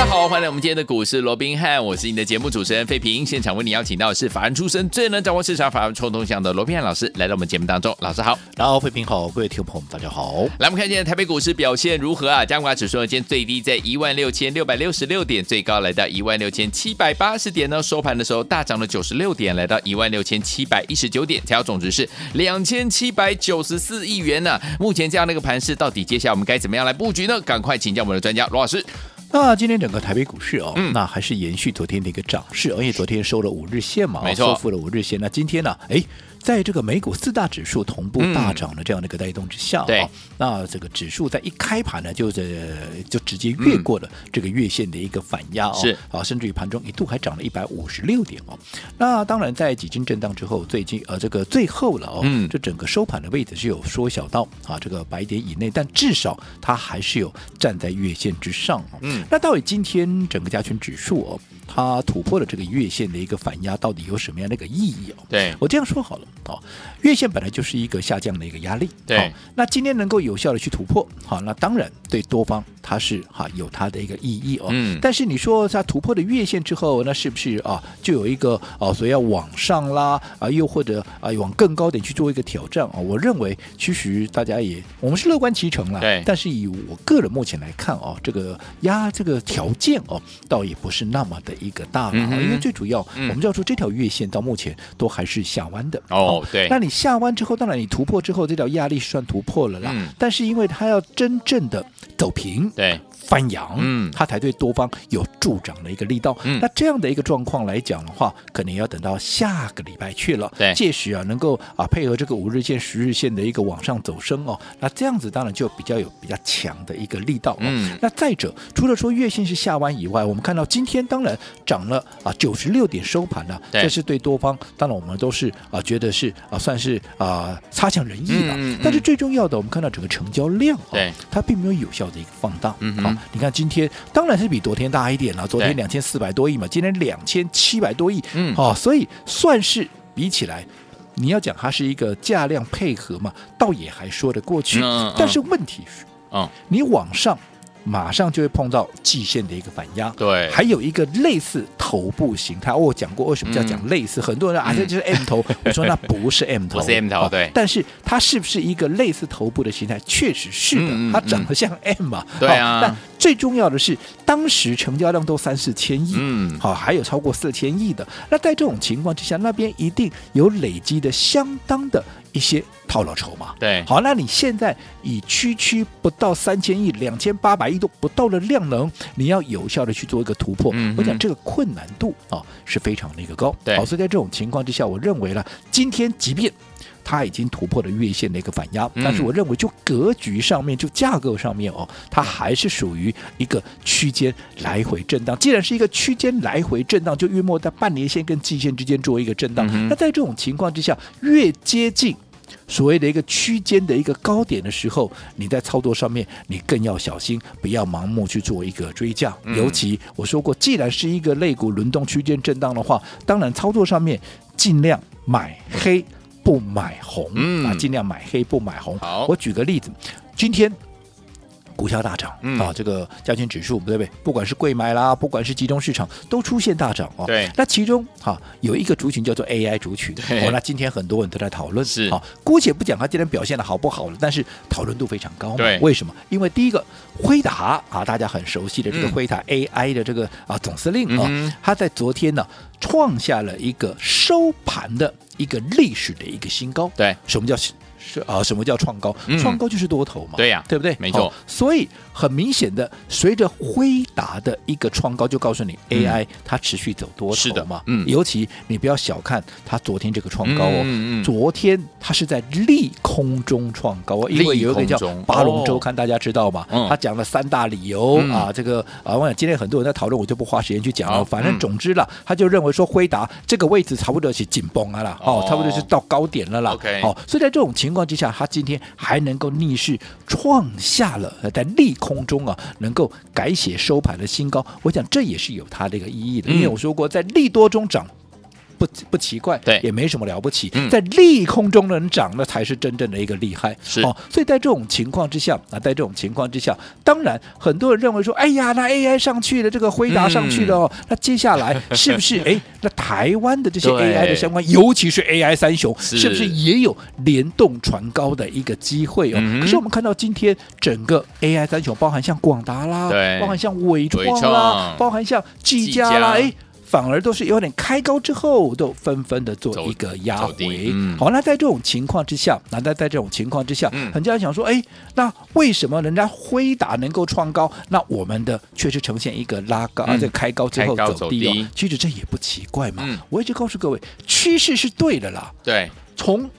大家好，歡迎來我們今天的股市羅賓漢，我是你的節目主持人費平。現場為你邀請到的是法人出身、最能掌握市場法人沖動向的羅賓漢老師，來到我們節目當中。老師好，然後費平好，各位聽眾朋友們大家好。來，我們看一下台北股市表現如何啊？加權指數今天最低在一萬六千六百六十六點，最高來到一萬六千七百八十點呢。收盤的時候大漲了九十六點，來到一萬六千七百一十九點，成交總值是兩千七百九十四億元呢、啊。目前這樣的一個盤勢，到底接下來我們該怎麼樣來佈局呢？趕快請教我們的專家羅老師。那今天整個台北股市哦、嗯，那還是延續昨天的一個漲勢，嗯、而且昨天收了五日線嘛、哦，收復了五日線。那今天呢、啊、誒、哎，在這個美股四大指數同步大漲的這樣的一個帶動之下、哦，啊、嗯。對那這個指數在一開盤呢，就是就直接越過了這個月線的一個反壓哦。是啊，甚至於盤中一度還漲了一百五十六點哦。那當然，在幾經震盪之後，最近呃這個最後了哦，這、嗯、整個收盤的位置是有縮小到啊這個百點以內，但至少它還是有站在月線之上哦。嗯，那到底今天整個加權指數哦，它突破了這個月線的一個反壓，到底有什麼樣的一個意義哦？對，我這樣說好了哦，月線本來就是一個下降的一個壓力，對，哦、那今天能夠有。有效的去突破，好，那當然對多方它是哈、啊、有它的一個意義哦。嗯。但是你說他突破的月線之後，那是不是啊就有一個啊，所以要往上拉啊，又或者啊往更高點去做一個挑戰啊？我認為其實大家也我們是樂觀其成了。對。但是以我個人目前來看哦、啊，這個壓這個條件哦、啊，倒也不是那麼的一個大了、嗯，因為最主要、嗯、我們就要說這條月線到目前都還是下彎的。哦。對。那你下彎之後，當然你突破之後，這條壓力算突破了啦。嗯。但是，因為他要真正的走平，對。翻揚，嗯，它才對多方有助長的一個力道，嗯。那這樣的一個狀況來講的話，可能要等到下個禮拜去了。對，屆時啊，能夠啊配合這個五日線、十日線的一個往上走升哦。那這樣子當然就比較有比較強的一個力道，哦。嗯，那再者，除了說月線是下彎以外，我們看到今天當然漲了啊九十六點收盤了，啊。對，這是對多方，當然我們都是啊覺得是啊算是啊差強人意了，啊嗯。但是最重要的，嗯，我們看到整個成交量啊，對，它並沒有有效的一個放大，嗯、啊。你看今天當然是比昨天大一點了，昨天兩千四百多億嘛，今天兩千七百多億，嗯，哦，所以算是比起來，你要講它是一個價量配合嘛，倒也還說得過去，嗯嗯嗯，但是問題是，嗯，你往上。馬上就會碰到季線的一個反壓，對，還有一個類似頭部形態、哦。我講過為什麼叫講類似，嗯、很多人說、嗯、啊這就是 M 頭， 我說那不是 M 頭，不是 M 頭、哦，對。但是它是不是一個類似頭部的形態，確實是的，嗯嗯嗯，它長得像 M 嘛、嗯哦，對啊。但最重要的是，當時成交量都三四千億，嗯，好、哦，還有超過四千億的。那在這種情況之下，那邊一定有累積的相當的。一些套牢籌碼，對，好，那你現在以區區不到三千億、兩千八百億都不到的量能，你要有效的去做一個突破，嗯、我想這個困難度啊、哦、是非常的一個高，對，好，所以在這種情況之下，我認為呢，今天即便。它已經突破了月線的一個反壓、嗯，但是我認為就格局上面、就架構上面哦，它還是屬於一個區間來回震盪。既然是一個區間來回震盪，就約莫在半年線跟季線之間做一個震盪。那、嗯、在這種情況之下，越接近所謂的一個區間的一個高點的時候，你在操作上面，你更要小心，不要盲目去做一個追漲，嗯、尤其我說過，既然是一個類股輪動區間震盪的話，當然操作上面盡量買黑。嗯不買紅，嗯、啊，盡量買黑，不買紅。我舉個例子，今天，股票大漲、嗯、啊，這個加權指數不對不對，不管是櫃買啦，不管是集中市場，都出現大漲啊。對，那其中哈、啊、有一個族群叫做 AI 族群，哦，那今天很多人都在討論，是啊，姑且不講它今天表現的好不好了，但是討論度非常高嘛，對，為什麼？因為第一個，輝達啊，大家很熟悉的這個輝達、嗯、AI 的這個啊總司令啊、嗯，他在昨天呢。創下了一個收盤的一個歷史的一個新高。對，什麼叫是啊？什麼叫創高、嗯？創高就是多頭嘛。對呀、啊，對不對？沒錯、哦。所以很明顯的，隨着輝達的一個創高，就告訴你、嗯、AI 它持續走多頭是的嘛、嗯。尤其你不要小看它昨天這個創高哦。嗯嗯、昨天它是在利空中創高、哦、中因為有一個叫巴倫週刊、哦，大家知道吧、嗯？他講了三大理由、嗯、啊，這個啊，我想今天很多人在討論，我就不花時間去講了、哦哦。反正總之啦、嗯，他就認為。說輝達這個位置差不多是緊繃了啦，oh. 哦，差不多是到高點了啦，okay. 哦，所以在這種情況之下，他今天還能夠逆勢創下了在利空中啊，能夠改寫收盤的新高，我想這也是有它的一個意義的，嗯、因為我說過在利多中漲。不不奇怪，對，也沒什麼了不起。嗯、在利空中能漲，那才是真正的一個厲害。哦。所以，在這種情況之下啊，在這種情況之下，當然很多人認為說，哎呀，那 AI 上去了，這個輝達上去了，嗯、那接下來是不是？哎， 那台灣的這些 AI 的相關，尤其是 AI 三雄，是，是不是也有聯動船高的一個機會哦、嗯？可是我們看到今天整個 AI 三雄，包含像廣達啦，對，包含像緯創啦，包含像技嘉啦，哎。反而都是有點開高之後，都紛紛的做一個壓回、嗯。好，那在這種情況之下，那在在這種情況之下，嗯、很多人想說，哎、欸，那為什麼人家輝達能夠創高，那我們的確實呈現一個拉高，而、嗯、且、啊、開高之後走,低、哦、高走低。其實這也不奇怪嘛。嗯、我一直告訴各位，趨勢是對的啦。對，從。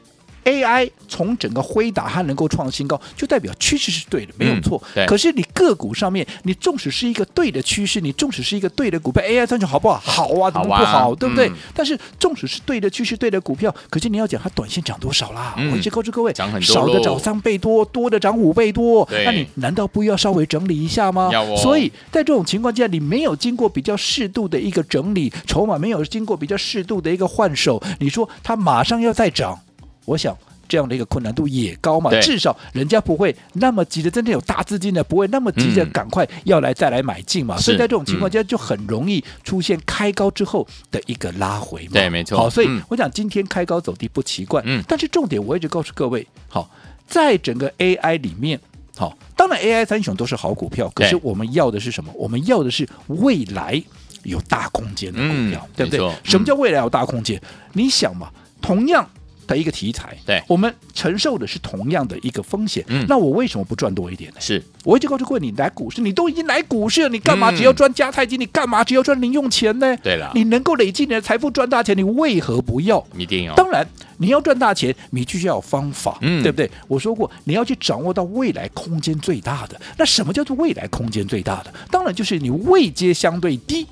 AI 從整個輝達它能夠創新高，就代表趨勢是對的，嗯、沒有錯。可是你個股上面，你縱使是一個對的趨勢，你縱使是一個對的股票，AI 算是好不好？好啊，好啊怎麼不好、嗯？對不對？但是縱使是對的趨勢、對的股票，可是你要講它短線漲多少啦？我一直告訴各位，漲很多。少的漲三倍多，多的漲五倍多。那你難道不要稍微整理一下嗎？所以，在這種情況下，你沒有經過比較適度的一個整理，籌碼沒有經過比較適度的一個換手，你說它馬上要再漲？我想這樣的一個困難度也高嘛，至少人家不會那麼急著，真正有大資金的不會那麼急著趕快要來再來買進嘛，所以在這種情況下就很容易出現開高之後的一個拉回嘛。對，沒錯。好，所以我想今天開高走低不奇怪。嗯。但是重點我一直告訴各位，好，在整個 AI 裡面，好，當然 AI 三雄都是好股票，可是我們要的是什麼？我們要的是未來有大空間的股票，對不對？什麼叫未來有大空間？你想嘛，同樣。一個題材，對我們承受的是同樣的一個風險。嗯、那我為什麼不賺多一點呢？是我已經告訴過你，你來股市，你都已經來股市了，你幹嘛只要賺加菜金，嗯？你幹嘛只要賺零用錢呢？對了，你能夠累積你的財富賺大錢，你為何不要？一定要，哦。當然，你要賺大錢，你必須要有方法，嗯，對不對？我說過，你要去掌握到未來空間最大的。那什麼叫做未來空間最大的？當然就是你位階相對低，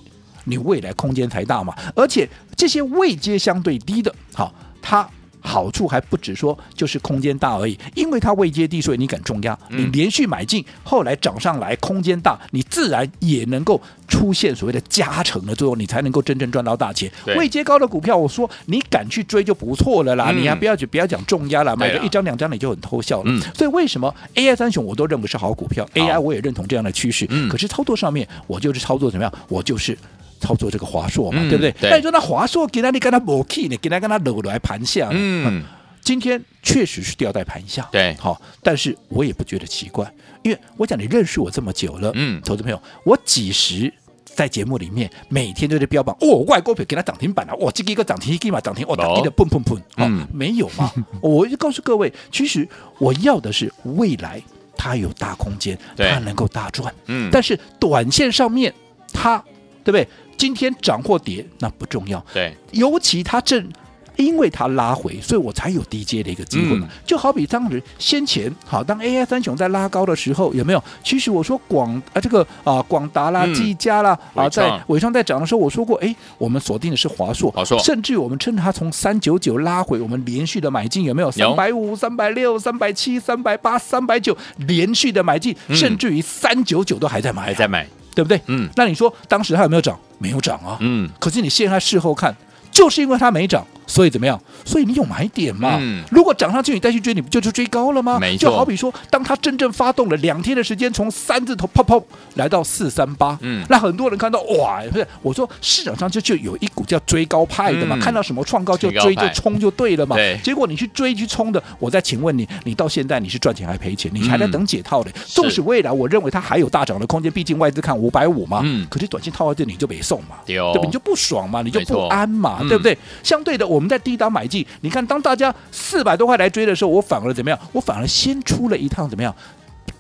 你未來空間才大嘛。而且這些位階相對低的，好，它。好處還不止說就是空間大而已，因為它位階低，所以你敢重壓，你連續買進，嗯、後來漲上來，空間大，你自然也能夠出現所謂的加成的，最後你才能夠真正賺到大錢。位階高的股票，我說你敢去追就不錯了啦，嗯、你還、啊、不要去，不要講重壓啦，嗯、買個一張兩張你就很偷笑了、嗯。所以為什麼 AI 三雄我都認為是好股票，AI、啊、我也認同這樣的趨勢，嗯、可是操作上面我就是操作怎麼樣，我就是。操作這個華碩嘛，嗯、對不對？但你說那華碩給他，你給它摸 K，你給他給他摟來盤下。嗯，今天確實是吊在盤下，對，好、哦，但是我也不覺得奇怪，因為我講你認識我這麼久了，嗯，投資朋友，我幾時在節目裡面每天都在標榜，哦，外國股給他漲停板了，哇、哦，這個一個漲停，一立馬漲停，我得意的砰砰砰，嗯、哦，沒有嘛， 我就告訴各位，其實我要的是未來它有大空間，對它能夠大賺，嗯，但是短線上面它對不對？今天漲或跌那不重要，對。尤其他正，因為它拉回，所以我才有低 J 的一個機會嘛、嗯。就好比當時先前，好，當 AI 三雄在拉高的時候，有沒有？其實我說廣啊，這個啊，廣達啦、嗯、技嘉啦尾啊，在偉創在漲的時候，我說過，哎、欸，我們鎖定的是華碩，華碩。甚至我們稱它從三九九拉回，我們連續的買進，有沒有？三百五、三百六、三百七、三百八、三百九，連續的買進，嗯、甚至於三九九都還在買，還在買。對不對？嗯，那你說當時它有沒有漲？沒有漲啊。嗯，可是你現在事後看。就是因為它沒漲，所以怎麼樣？所以你有買點嘛？嗯、如果漲上去你再去追，你不就是追高了嗎？沒錯、就好比說，當它真正發動了兩天的時間，從三字頭啪啪來到四三八、嗯，那很多人看到哇，不是我說市場上就就有一股叫追高派的嘛，嗯、看到什麼創高就追就衝就對了嘛。結果你去追去衝的，我再請問你，你到現在你是賺錢還賠錢？你還在等解套的、嗯？縱使未來我認為它還有大漲的空間，畢竟外資看五百五嘛，可是短線套在這裡你就沒送嘛，對吧、哦？你就不爽嘛，你就不安嘛。對不對？相對的，我們在低檔買進。你看，當大家四百多塊來追的時候，我反而怎麼樣？我反而先出了一趟怎麼樣？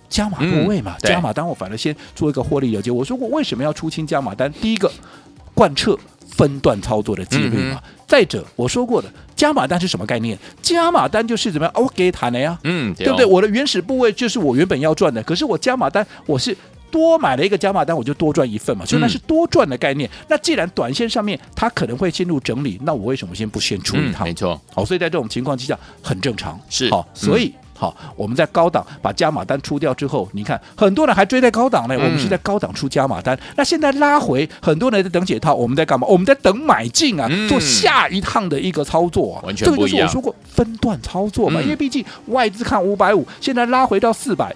加碼部位嘛，嗯、加碼單，我反而先做一個獲利了結。我說過，為什麼要出清加碼單？第一個貫徹分段操作的紀律嘛、嗯嗯。再者，我說過的加碼單是什麼概念？加碼單就是怎麼樣？OK 談了呀，嗯對、哦，對不對？我的原始部位就是我原本要賺的，可是我加碼單，我是。多買了一個加碼單，我就多賺一份嘛，所以那是多賺的概念、嗯。那既然短線上面它可能會進入整理，那我為什麼先不先出一趟？嗯、沒錯，所以在這種情況之下很正常。是，好，所以、嗯、好，我們在高檔把加碼單出掉之後，你看很多人還追在高檔呢、嗯。我們是在高檔出加碼單，那現在拉回，很多人在等解套，我們在幹嘛？我們在等買進啊、嗯，做下一趟的一個操作、啊。完全不一樣。這個就是我說過分段操作嘛，嗯、因為畢竟外資看五百五，現在拉回到四百。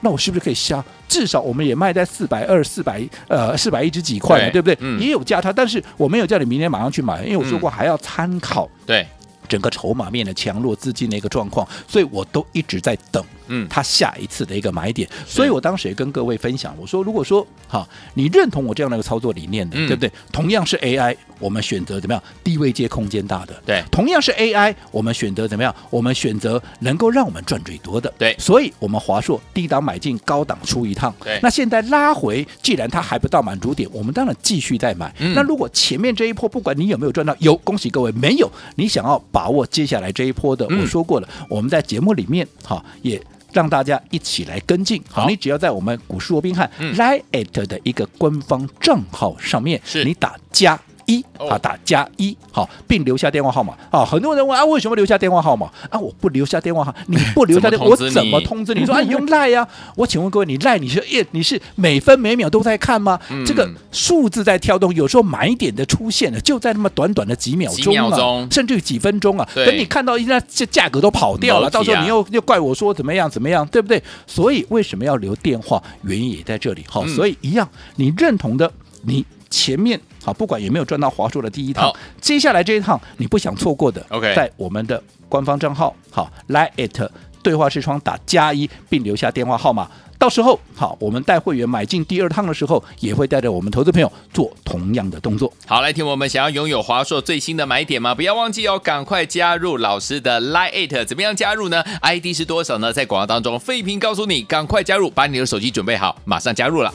那我是不是可以下？至少我們也賣在四百二、四百呃、四百一十幾塊了對，對不對、嗯？也有加他。但是我沒有叫你明天馬上去買，因為我說過還要參考對整個籌碼面的強弱、資金的一個狀況，所以我都一直在等。嗯，他下一次的一個買點，所以我當時也跟各位分享，我說，如果說哈，你認同我這樣的一個操作理念的，嗯、對不對？同樣是 AI，我們選擇怎麼樣？低位階空間大的，對；同樣是 AI，我們選擇怎麼樣？我們選擇能夠讓我們賺最多的，對。所以我們華碩低檔買進，高檔出一趟，對。那現在拉回，既然它還不到滿足點，我們當然繼續再買、嗯。那如果前面這一波不管你有沒有賺到，有，恭喜各位，沒有，你想要把握接下來這一波的，嗯、我說過了，我們在節目裡面哈也。讓大家一起來跟進。好，你只要在我們股市羅賓漢 LINE@ 的一個官方賬號上面，嗯，你打加。一啊，打加一好，並留下電話號碼好。很多人問啊，為什麼留下電話號碼啊？我不留下電話號，你不留下電話， 我怎麼通知你說？說 你、啊、用賴啊！我請問各位，你賴你是，哎，你是每分每秒都在看嗎？嗯、這個數字在跳動，有時候買點的出現了，就在那麼短短的幾秒鐘、啊幾秒鐘，甚至於幾分鐘啊！對，等你看到一下這價格都跑掉了，了啊、到時候你又又怪我說怎麼樣怎麼樣，對不對？所以為什麼要留電話？原因也在這裡好、嗯，所以一樣，你認同的你。前面好，不管有沒有賺到華碩的第一趟，接下來這一趟你不想錯過的。OK，在我們的官方賬號好，LINE@ 對話視窗打加一，並留下電話號碼。到時候好，我們帶會員買進第二趟的時候，也會帶着我們投資朋友做同樣的動作。好，來聽我們，我們想要擁有華碩最新的買點嗎？不要忘記哦，趕快加入老師的 LINE@，怎麼樣加入呢？ID 是多少呢？在廣告當中，非凡告訴你，趕快加入，把你的手機準備好，馬上加入了。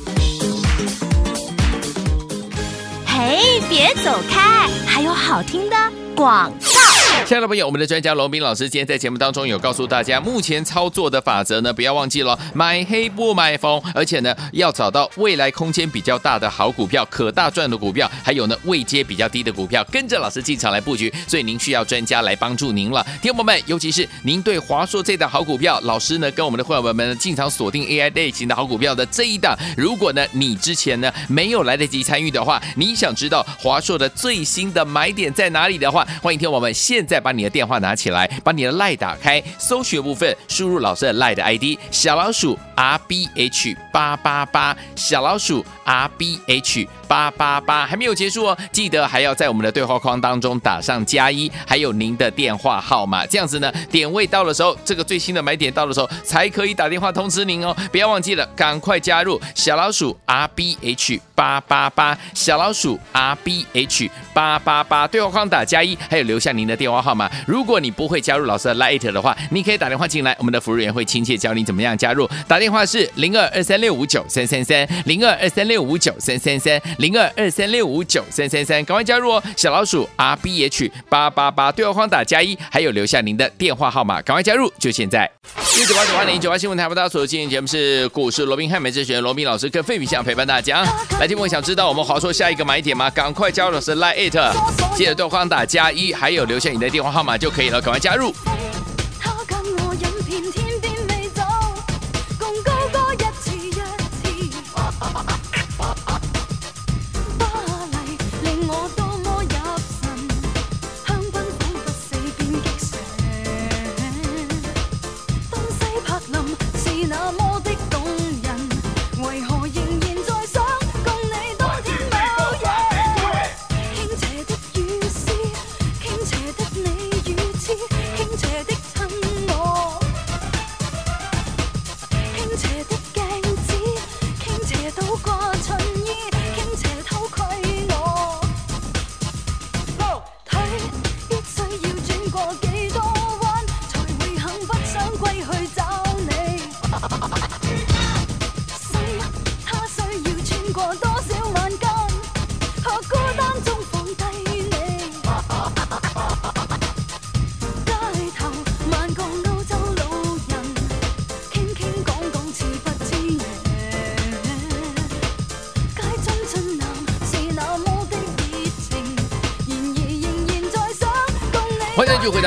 哎，別走開，還有好聽的廣告。親愛的朋友，我們的專家羅賓老師今天在節目當中有告訴大家，目前操作的法則呢，不要忘記了買黑不買紅，而且呢要找到未來空間比較大的好股票，可大賺的股票，還有呢位階比較低的股票，跟着老師進場來布局。所以您需要專家來幫助您了。聽友們，尤其是您對華碩這檔好股票，老師呢跟我們的會員們進場鎖定 AI 類型的好股票的這一檔，如果呢你之前呢沒有來得及參與的話，你想知道華碩的最新的買點在哪裡的話，歡迎聽眾們現。再把你的電話拿起來，把你的賴打開，搜學部分輸入老師的賴的 ID，小老鼠 R B H 八八八，小老鼠 R B H。八八八還沒有結束哦，記得還要在我們的對話框當中打上加一，還有您的電話號碼，這樣子呢，點位到的時候，這個最新的買點到的時候，才可以打電話通知您哦，不要忘記了，趕快加入小老鼠 RBH 八八八，小老鼠 RBH 八八八，對話框打加一，還有留下您的電話號碼。如果你不會加入老師的 LINE 的話，你可以打電話進來，我們的服務員會親切教你怎麼樣加入。打電話是零二二三六五九三三三，零二二三六五九三三三。零二二三六五九三三三，趕快加入哦！小老鼠 R B H 八八八，對話框打加一，還有留下您的電話號碼，趕快加入，就現在！一歡迎九八九八零九八新聞台，為大所有今天節目是股市羅賓漢美之選，羅賓老師跟費米相陪伴大家。來聽，朋友想知道我們華碩下一個買點嗎？趕快加入老師 LINE ID，記得對話框打加一，還有留下你的電話號碼就可以了，趕快加入。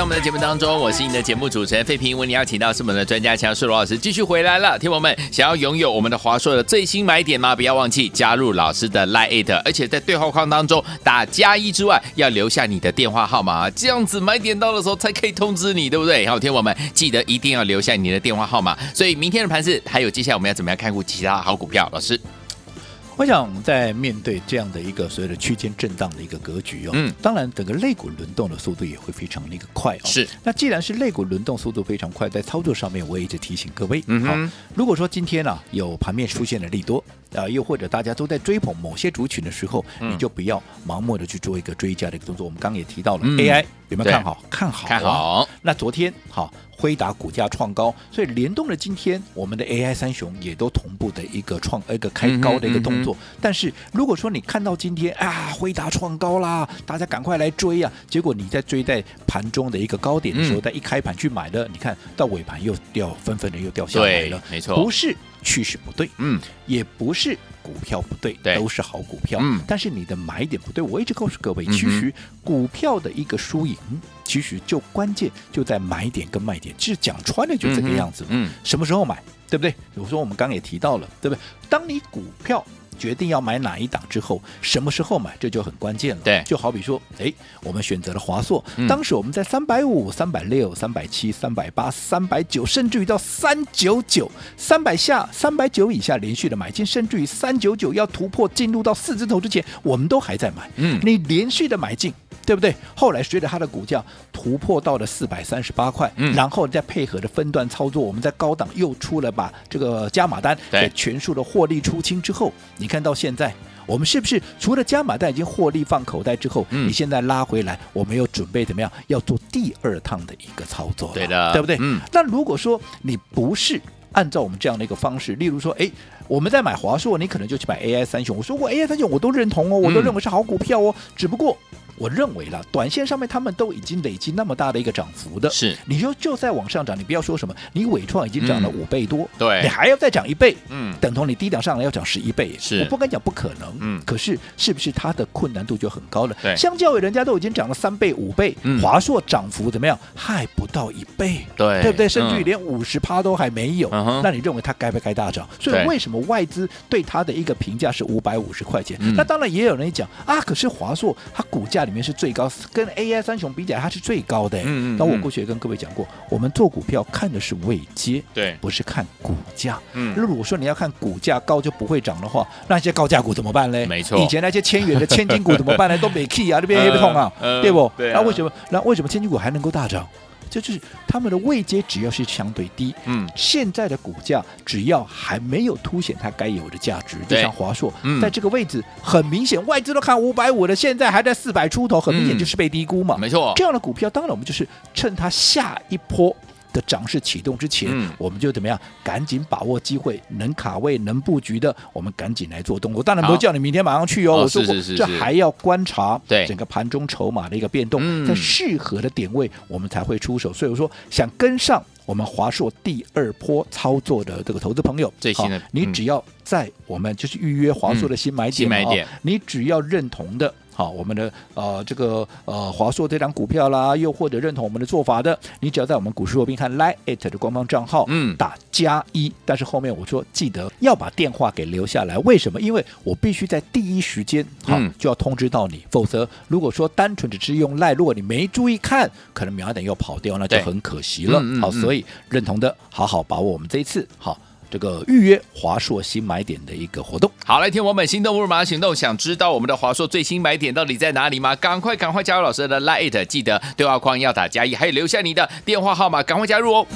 我們的節目當中，我是你的節目主持人費平，為你邀請到是我們的專家強碩羅老師繼續回來了。聽友們，想要擁有我們的華碩的最新買點嗎？不要忘記加入老師的 LINE@ 而且在對話框當中打加一之外，要留下你的電話號碼，這樣子買點到的時候才可以通知你，對不對？好，聽友們記得一定要留下你的電話號碼。所以明天的盤勢還有接下來我們要怎麼樣看護其他好股票？老師。我想在面對這樣的一個所謂的區間震盪的一個格局哦，嗯，當然整個類股輪動的速度也會非常的一個快哦，是。那既然是類股輪動速度非常快，在操作上面，我也一直提醒各位，嗯，好，如果說今天啊有盤面出現了利多。啊、呃，又或者大家都在追捧某些族群的時候、嗯，你就不要盲目的去做一個追加的一個動作。我們剛剛也提到了、嗯、AI 有沒有看好？看好、啊？看好。那昨天好，輝達股價創高，所以聯動了今天，我們的 AI 三雄也都同步的一個創一個開高的一個動作、嗯嗯。但是如果說你看到今天啊，輝達創高啦，大家趕快來追啊，結果你在追在盤中的一個高點的時候，嗯、在一開盤去買的，你看到尾盤又掉，紛紛的又掉下來了對。沒錯，不是。趨勢不對，嗯，也不是股票不對，對，都是好股票，嗯，但是你的買點不對。我一直告訴各位，其實股票的一個輸贏，其實就關鍵就在買點跟賣點。其實講穿了就這個樣子，嗯，什麼時候買，對不對？比如說我們剛剛也提到了，對不對？當你股票，決定要買哪一檔之後，什麼時候買，這就很關鍵了。對，就好比說，哎，我們選擇了華碩，當時我們在三百五、三百六、三百七、三百八、三百九，甚至於到三九九、三百下、三百九以下連續的買進，甚至於三九九要突破進入到四字頭之前，我們都還在買。買嗯，你連續的買進。對不對？後來隨着它的股價突破到了四百三十八塊、嗯，然後再配合着分段操作，我們在高檔又出了把這個加碼單，在全數的獲利出清之後，你看到現在我們是不是除了加碼單已經獲利放口袋之後、嗯，你現在拉回來，我們又準備怎麼樣？要做第二趟的一個操作，對的，對不對？嗯，那如果說你不是按照我們這樣的一個方式，例如說，哎，我們在買華碩，你可能就去買 AI 三雄。我說過 AI 三雄我都認同哦，我都認同哦、嗯，我都認為是好股票哦，只不過。我認為啦，短線上面他們都已經累積那麼大的一個漲幅的，是你就就在往上漲，你不要說什麼，你緯創已經漲了五倍多、嗯，對，你還要再漲一倍，嗯，等同你低檔上來要漲十一倍，是我不敢講不可能，嗯，可是是不是它的困難度就很高了？對，相較於人家都已經漲了三倍五倍、嗯，華碩漲幅怎麼樣？還不到一倍，對，對不對？甚至於連五十趴都還沒有，嗯、那你認為它該不該大漲？所以為什麼外資對它的一個評價是五百五十塊錢？那當然也有人講啊，可是華碩它股價裡面是最高，跟 AI 三雄比起來，它是最高的。那嗯嗯嗯，我過去也跟各位講過，我們做股票看的是位階，對，不是看股價。嗯，如果說你要看股價高就不會漲的話，那些高價股怎麼辦呢？沒錯，以前那些千元的千金股怎麼辦呢？ 都沒 key 起啊， 這邊也不通啊，呃呃、對不對、啊？那為什麼那為什麼千金股還能夠大漲？這就是他們的位階，只要是相對低，嗯，現在的股價只要還沒有凸顯它該有的價值，就像華碩，嗯，在這個位置很明顯，外資都看五百五的，現在還在四百出頭，很明顯就是被低估嘛，嗯，沒錯，這樣的股票當然我們就是趁它下一波的漲勢啟動之前，嗯，我們就怎麼樣？趕緊把握機會，能卡位、能布局的，我們趕緊來做動作。我當然不會叫你明天馬上去哦，哦我說過是是是是，這還要觀察整個盤中籌碼的一個變動，在適合的點位，我們才會出手，嗯。所以我說，想跟上我們華碩第二波操作的這個投資朋友，最新的，好、嗯、你只要在我們就是預約華碩的新買點，哦、新買點你只要認同的。好，我們的呃這個呃華碩這張股票啦，又或者認同我們的做法的，你只要在我們股市羅賓看 l i t 的官方賬號，嗯，打加一，但是後面我說記得要把電話給留下來，為什麼？因為我必須在第一時間，好、嗯、就要通知到你，否則如果說單純只是用 Lite，如果你沒注意看，可能秒點又跑掉，那就很可惜了。好，所以認同的，好好把握我們這一次，好。這個預約華碩新買點的一個活動，好，來！聽我們，心動不如馬上行動。想知道我們的華碩最新買點到底在哪裡嗎？趕快趕快加入老師的 LINE，記得對話框要打加一，還有留下你的電話號碼，趕快加入哦！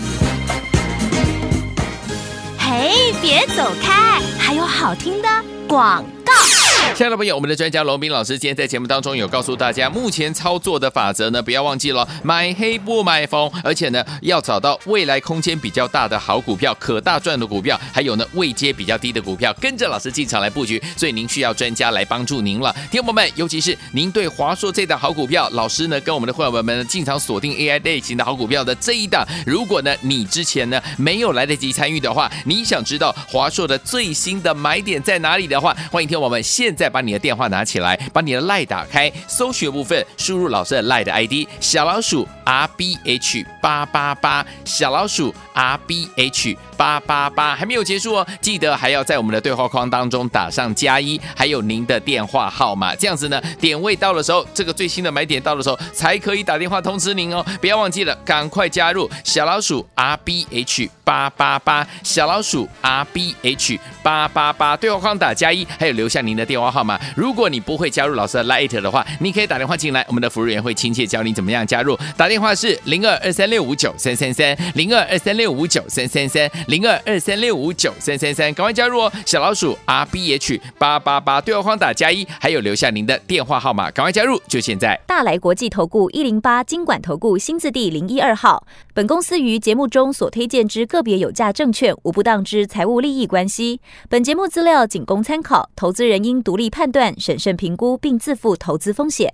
嘿、hey，別走開，還有好聽的廣告。親愛的朋友，我們的專家文彬老師今天在節目當中有告訴大家，目前操作的法則呢，不要忘記了買黑不買紅，而且呢要找到未來空間比較大的好股票、可大賺的股票，還有呢位階比較低的股票，跟着老師進場來布局。所以您需要專家來幫助您了。聽友們，尤其是您對華碩這檔好股票，老師呢跟我們的會員們進場鎖定 AI 類型的好股票的這一檔，如果呢你之前呢沒有來得及參與的話，你想知道華碩的最新的買點在哪裡的話，歡迎聽眾們現。再把你的電話拿起來，把你的 LINE 打開，搜學部分輸入老師的 LINE 的 ID，小老鼠 R B H 八八八，小老鼠 R B H。八八八還沒有結束哦，記得還要在我們的對話框當中打上加一，還有您的電話號碼，這樣子呢，點位到的時候，這個最新的買點到的時候，才可以打電話通知您哦，不要忘記了，趕快加入小老鼠 R B H 八八八，小老鼠 R B H 八八八，對話框打加一，還有留下您的電話號碼。如果你不會加入老師的 LINE 的話，你可以打電話進來，我們的服務員會親切教您怎麼樣加入。打電話是零二二三六五九三三三，零二二三六五九三三三。零二二三六五九三三三，趕快加入哦！小老鼠 R B H 八八八，對話框打加一，還有留下您的電話號碼，趕快加入，就現在！大來國際投顧一零八金管投顧新字第零一二號，本公司於節目中所推薦之個別有價證券無不當之財務利益關係，本節目資料僅供參考，投資人應獨立判斷、審慎評估並自負投資風險。